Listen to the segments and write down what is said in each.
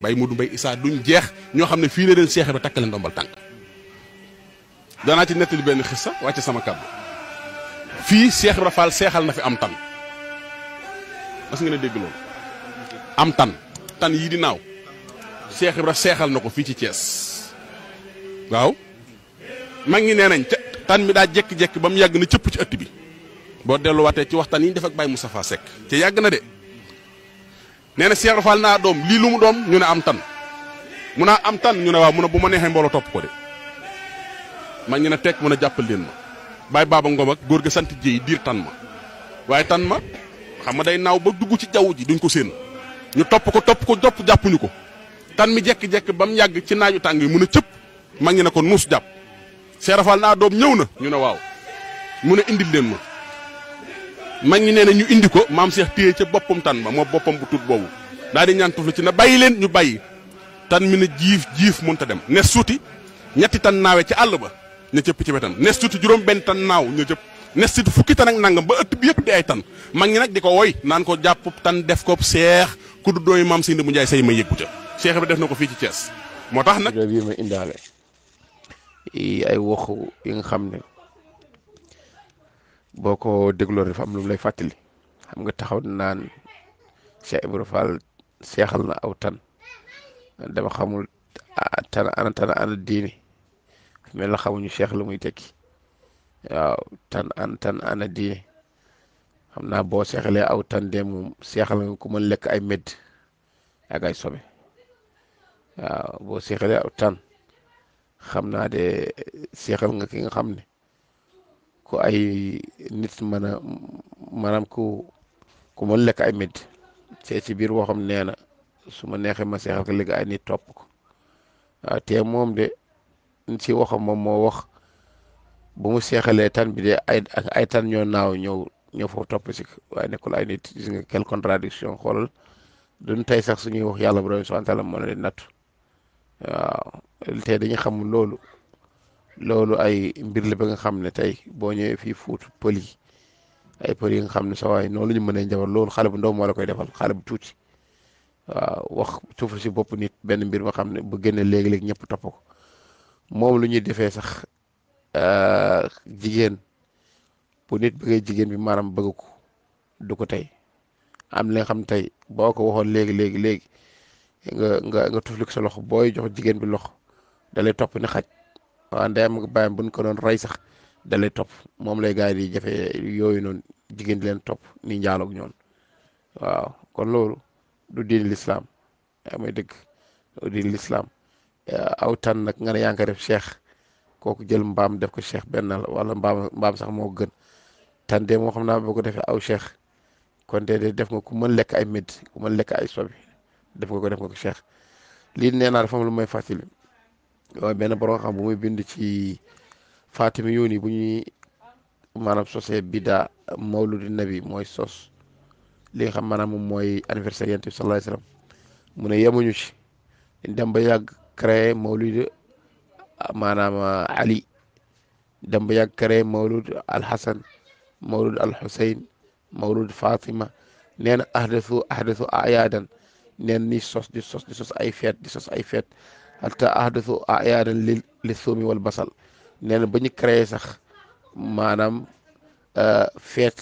bay du Mbaye Issa duñ jeex ñoo xam ne fii la leen seexe ba takk leen ndombal tànk danaa ci nettali benn xis sa wàcce sama kàddu fii Seex Ibra seexal na fi am tan mas ngeen a dégg am tan tan yii di naaw Seex Ibra seexal na ko fii ci cees waaw mag ngi nee nañ tan mi daa jekki-jekki ba mu yàgg na cëpp ci ëtt bi boo delluwaatee ci waxtaan yi ñu def ak mu Moustapha Seck ca yàgg na de nee na Cheikh Fall naa doom lii lu mu doom ñu ne am tan mun a am tan ñu ne waaw mun a bu ma neexee mbooloo topp ko de man ñu ne teg mun a jàppal leen ma bàyyi baaba ngom ak góor ga sant jéy diir tan ma waaye tan ma xam ma day naaw ba dugg ci jaww ji duñ ko séen ñu topp ko topp ko topp jàppuñu ko tan mi jekki-jekki ba mu yàgg ci naaju tàng yi mun a cëpp mag ñi ne ko nuus jàpp seerafal naa doom ñëw na ñu ne waaw mun a indil leen ma mag ñi nee na ñu indi ko maam seex téye ca boppam tan ba moo boppam bu tut boobu daal di ñaan tuflu ci na bàyyi leen ñu bàyyi tan mi ne jiif jiif mënta dem ne suuti ñetti tan naawe ci àll ba ña cëpp ci wetam ne suuti juróom benn tan naaw ña cëpp ne suuti fukki tan ak nangam ba ëtt bi yëpp di ay tan mag ñi nag di ko woy naan ko jàpp tan def ko seex ku du dooy maam Seydi mu Njaay say ma yëggu ca seex bi def na ko fii ci Thiès moo tax nag. yi ma indaale ay waxu yi nga xam ne. boo ko dégloo dafa am lu lay fàttali xam nga taxaw naan Cheikh Ibra Fall seexal na aw tan dama xamul ah, tan ana tan ana diine mel la xamuñu cheikh muy tekki waaw tan an tan ana diine xam naa boo seexalee aw tan de moom seexal nga ku lekk ay medd ak ay sobe waaw boo seexalee aw tan xam naa de seexal nga ki xam ne ko ay nit mën a maanaam ku ku mën lekk ay mit see ci biir waxam nee na su ma neexee ma seexal ko léegi ay nit topp ko ah, te moom de si waxam moom moo wax bu mu seexalee tan bi de ay ay tan ñoo naaw ñëw ñëw foofu topp si waaye nekkul ay nit gis nga quelle contradiction xoolal duñ tey sax suñuy wax yàlla borom subhanahu wa taala moo leen nattu waaw tey dañu xam loolu loolu ay mbir la ba nga xam ne tey boo ñëwee fii Fuuta pël yi ay pël yi nga xam ne sa waay noonu la ñu mën a njabar loolu xale bu ndaw moo la koy defal xale bu tuuti waaw wax suuf si bopp nit benn mbir ma xam ne bu génne léegi-léegi ñëpp ko moom lu ñuy defee sax euh, jigéen bu nit bëggee jigéen bi maanaam bëgg ko du ko tey am na xam tey boo ko waxoon léegi léegi léegi nga nga nga tuflik sa loxo booy jox jigéen bi loxo dalay topp ne xaj waaw ndeyam ak baayam buñ ko doon rey sax da lay topp moom lay gars yi di jafe yooyu noonu jigéen leen topp ni njaaloog ñoon waaw kon loolu du diin lislaam yaa may dëgg du diin lislaam aw tan nag nga ne yaa ngi ko def kooku jël mbaam def ko cheikh benn la wala mbaam mbaam sax moo gën tan de moo xam naa boo ko defee aw cheikh kon de def nga ku mën lekk ay médd ku lekk ay sobi def nga ko def nga ko cheikh lii nee naa dafa am lu may fàttali benn borom xam bu muy bind ci Fatimi yoon yi bu ñuy maanaam sosee bida mawludi nabi mooy sos li nga xam maanaam moom mooy anniversaire yonent bi sallallahu alayhi wasallam mu ne yemuñu ci dem ba yàgg créé mawlud maanaam uh, Ali dem ba yàgg créé mawlud al-Hasan mawlud al-Husayn mawlud Fatima nee na ahdathu ahdathu ayaadan neen ni sos di sos di sos ay feet di sos ay feet hatta ahdathu ayaadan li li suumi wal basal nee na ba ñu créé sax maanaam euh, feet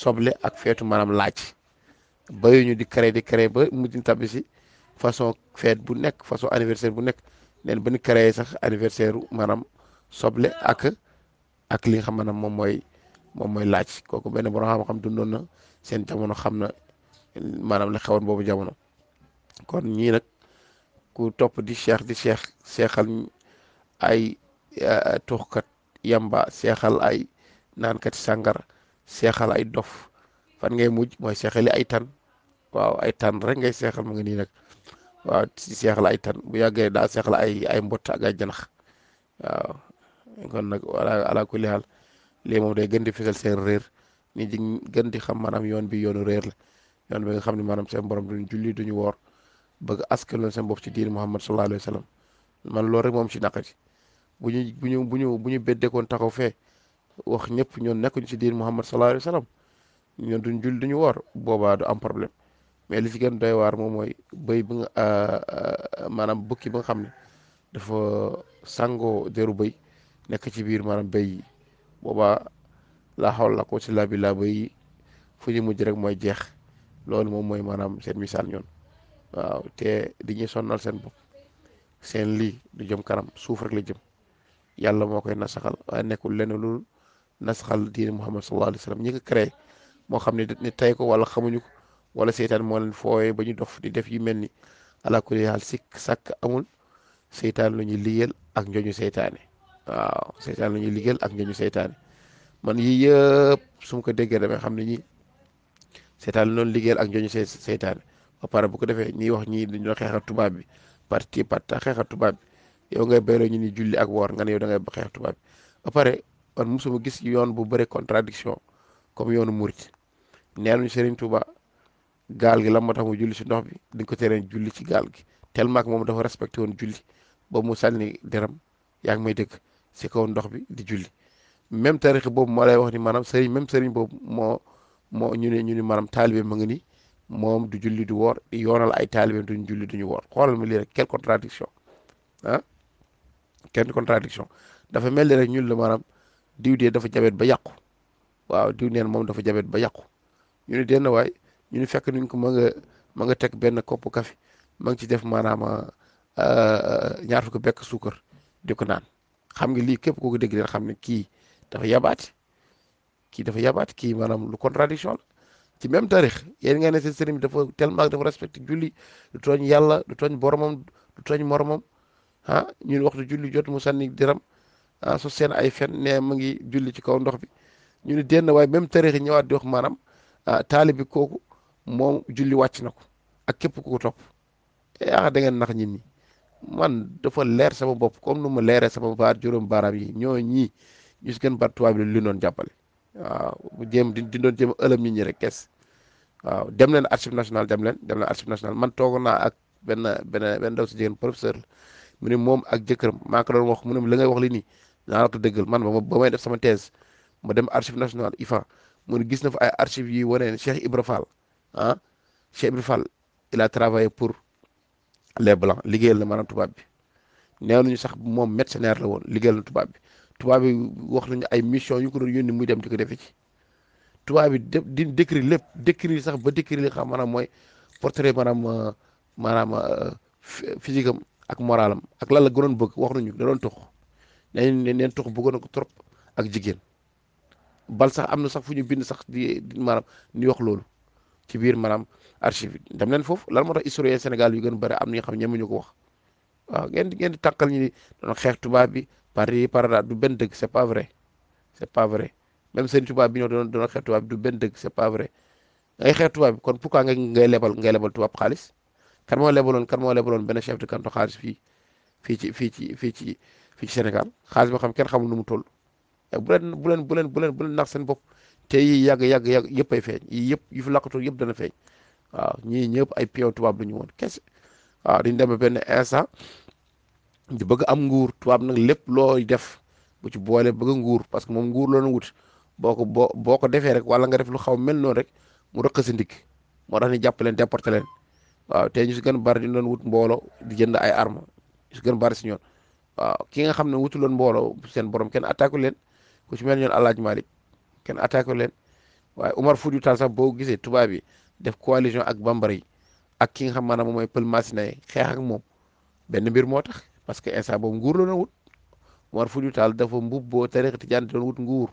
soble ak feetu maanaam laaj bayuñu di créé di créé ba mujj tabbi si façon feet bu nekk façon anniversaire bu nekk neen ba ñu créé sax anniversaire maanaam soble ak ak li nga xam maanaam moom mooy moom mooy laaj kooku benn borom xam-xam dundoon na seen jamono xam na maanaam la xewoon boobu jamono kon ñii nag ku topp di seex di cheikh seexal ay eh, tuuxkat yamba seexal ay naankati sàngar seexal ay dof fan ngay mujj mooy seexali ay tan waaw ay tan rek ngay seexal mu ngi nii nag waaw ay tan bu yàggee daa seexal ay ay mbott ak ay janax waaw kon nag ala kulli haal lii moom day gën di fisal seen réer ni di gën di xam maanaam yoon bi yoonu réer la yoon bi nga xam ne maanaam seen borom duñu julli duñu woor bëgg askanal seen bopp ci diine Muhammad sallallahu alayhi wa sallam man loolu rek moom ci naqati bu ñu bu ñu bu ñu bu ñu beddeekoon taxaw fee wax ñëpp ñoon nekkuñu si diine Muhammad sallallahu alayhi wa sallam ñoon duñ jul duñu woor boobaa du am problème mais li ci gën doy waar moom mooy bëy bi nga euh, euh, maanaam bukki bi xam ne dafa sangoo deru bëy nekk ci biir maanaam bëy yi boobaa laa xaw la ko ci laa bi laa bëy fu ñu mujj rek mooy jeex loolu moom mooy maanaam seen misaal ñoon waaw te dañuy sonnal seen bopp seen li du jëm kanam suuf rek la jëm yàlla moo koy nasaxal waaye nekkul lenn lu nasaxal diine Muhammad sallallahu alayhi wa sallam ñi ko créé moo xam ne ni tey ko wala xamuñu ko wala seytaan moo leen fooyee ba ñu dof di def yu mel ni ala kulli haal sikk sàkk amul seytaan lu ñuy liggéeyal ak njoñu seytaane waaw seytaan lu ñuy liggéeyal ak njoñu seytaane man yii yëpp su ko déggee damay xam ne ñi seytaan lu noonu liggéeyal ak njoñu seytaane ba pare defee ñiy wax ñii dañoo xeexal tubaab bi parti parta xeexal tubaab bi yow ngay bayloo ñu ni julli ak woor nga ne yow da ngay xeex tubaab bi ba pare man mosuma gis yoon bu bëri contradiction comme yoonu murit neenuñ Serigne Touba gaal gi la moo mu julli si ndox bi dañ ko tereen julli ci gaal gi tellement moom dafa respecté woon julli ba mu sànni deram yaa ngi may dëkk si kaw ndox bi di julli même tarix boobu moo lay wax ni maanaam Serigne même Serigne boobu moo moo ñu ne ñu ni maanaam taalibe ma nga ni moom du julli du woor di yoonal ay taalibeem du julli duñu woor xoolal ma lii rek quelle contradiction ah kenn contradiction dafa mel ni rek ñun la maanaam diw dee dafa jabet ba yàqu waaw diw neen moom dafa jabet ba yàqu ñu ne denn waay ñu ne fekk nuñ ko ma nga ma nga teg benn kopp kafe ma ngi ci def maanaam ah, ah, ñaar fukki bekk suukar di ko naan xam nga lii képp koo ko dégg deen xam ne kii dafa yabaate kii dafa yabaate kii maanaam lu contradiction la ci même tarix yéen nga ne seen sëriñ bi dafa tellement dafa respecté julli du tooñ yàlla du tooñ boromam du tooñ moromam ah ñun waxtu julli jot mu sànni diram ah su seen ay fen ne mu ngi julli ci kaw ndox bi ñu ne dénn waay même tarix yi ñëwaat di wax maanaam ah taali bi kooku moom julli wàcc na ko ak képp ku top topp ah da ngeen nax nit ñi man dafa leer sama bopp comme nu ma leeree sama baat juróom baaraam yi ñoo ñi ñu si gën baat lu noon jàppale waaw ah, jéem di doon jéem ëlëm nit ñi rek kees waaw dem leen archive nationale dem leen dem leen archive nationale man toogoon naa ak benn benn benn daw si jigéen professeur mu ne moom ak jëkkëram maa ko doon wax mu ne la ngay wax li nii naa la ko dëggal man ba may def sama thèse ma dem archive nationale IFA mu ne gis na fa ay archive yi wane ne Cheikh Ibra Fall ah Cheikh Ibra Fall il a travaillé pour les blancs liggéeyal na maanaam tubaab bi neew nañu sax moom mercenaire la woon liggéeyal na tubaab tubaab bi wax ñu ay mission yu ko doon yónni muy dem di ko defee ci tubaab bi di décrire lépp décrire sax ba décrire li xam maanaam mooy portrait maanaam euh, maanaam euh, physique am ak moralam ak lan la gënoon bëgg wax nañu da doon tux neen neen tux bëggoon na ko trop ak jigéen bal sax am na sax fu ñu bind sax di maanaam ni wax loolu ci biir maanaam archive yi dem leen foofu lan moo tax historien Sénégal yu gën bëri am na ñoo xam ñeme ñu ko wax waaw ngeen di ngeen di tànkal ñu ni xeex tubaab bi par par du benn dëgg c'est pas c'est pas vrai. même sëñ tubaab bi ñoo doon doon xeet tubaab du benn dëgg c'est pas vrai ngay xeex tubaab bi kon pourquoi nga ngay lebal ngay lebal tubaab xaalis kan moo lebaloon kan moo lebaloon benn chef de canton xaalis fii fii ci fii ci fii ci fii ci Sénégal xaalis boo xam kenn xamul nu mu toll eh, bu leen bu leen bu bu nax seen bopp te yi yàgg yàgg yàgg yëpp ay feeñ yi yëpp yu fi lakkatoo yëpp dana feeñ a ñii ñëpp ay pion tubaab la ñu woon kese waaw dañu dem benn instant di bëgg am nguur tubaab nag lépp looy def bu ci boole bëgg nguur parce que moom nguur la doon wut boo ko boo boo ko defee rek wala nga def lu xaw mel noonu rek mu rëq si ndig moo tax ni jàpp leen déporté leen waaw te ñu si gën bari di doon wut mbooloo di jënd ay arme ñu bari si ñoon waaw ki nga xam ne wutuloon mbooloo seen borom kenn attaqué leen ku simel mel ñoon El Hadj Malick kenn attaqué leen waaye Umar fudu Taal sax boo gisee tubaab yi def coalition ak bambara yi ak ki nga xam moom mooy pël masina yi xeex ak moom benn mbir moo tax parce que instant boobu nguur la doon wut Umar Fuuti Taal dafa mbubboo tariix tijaan doon wut nguur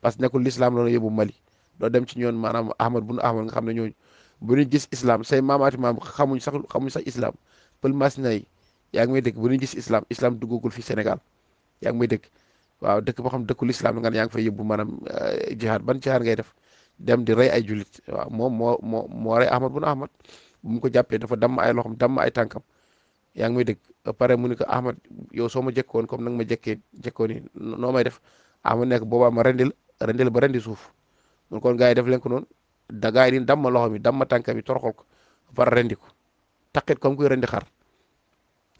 parce que nekkul l'islam loolu yóbbu Mali doo dem ci ñoon maanaam Ahmad bunu Ahmad nga xam ne ñooñu bu ñu gis islam say maamaati maam xamuñ sax xamuñ sax islam pël masina yi yaa may dëkk bu ñu gis islam islam duggagul fi Sénégal yaa ngi may dëkk waaw dëkk boo xam dëkkul islam la nga ne yaa ngi fay yóbbu maanaam euh, jihaad ban jihaad ngay def dem di rey ay julit waaw moom moo moo moo rey Ahmad bunu Ahmad bu ko jàppee dafa damm ay loxam damm ay tànkam yaa ngi may dëkk pare mu ni ko Ahmad yow soo ma jekkoon comme nag ma jekkee jekkoon noo may def Ahmad nekk boobaa ma rendi la rendil ba rendi suuf mun kon gaa yi def leen ko noon da gaa yi dam ma loxo mi damma tànka bi toroxal ko par rendi ko taqit comme kuy rendi xar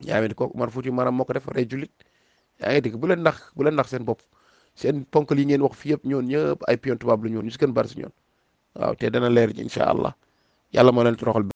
yaa ko man fu ci maanaam moo ko def rey jullit yaa ngi dégg bu leen nax bu leen nax seen bopp seen ponk li ngeen wax fi yëpp ñoon ñëpp ay pion tubaab lu ñoon ñu si gën bari si ñoon waaw te dana leer ji allah yalla ma leen toroxal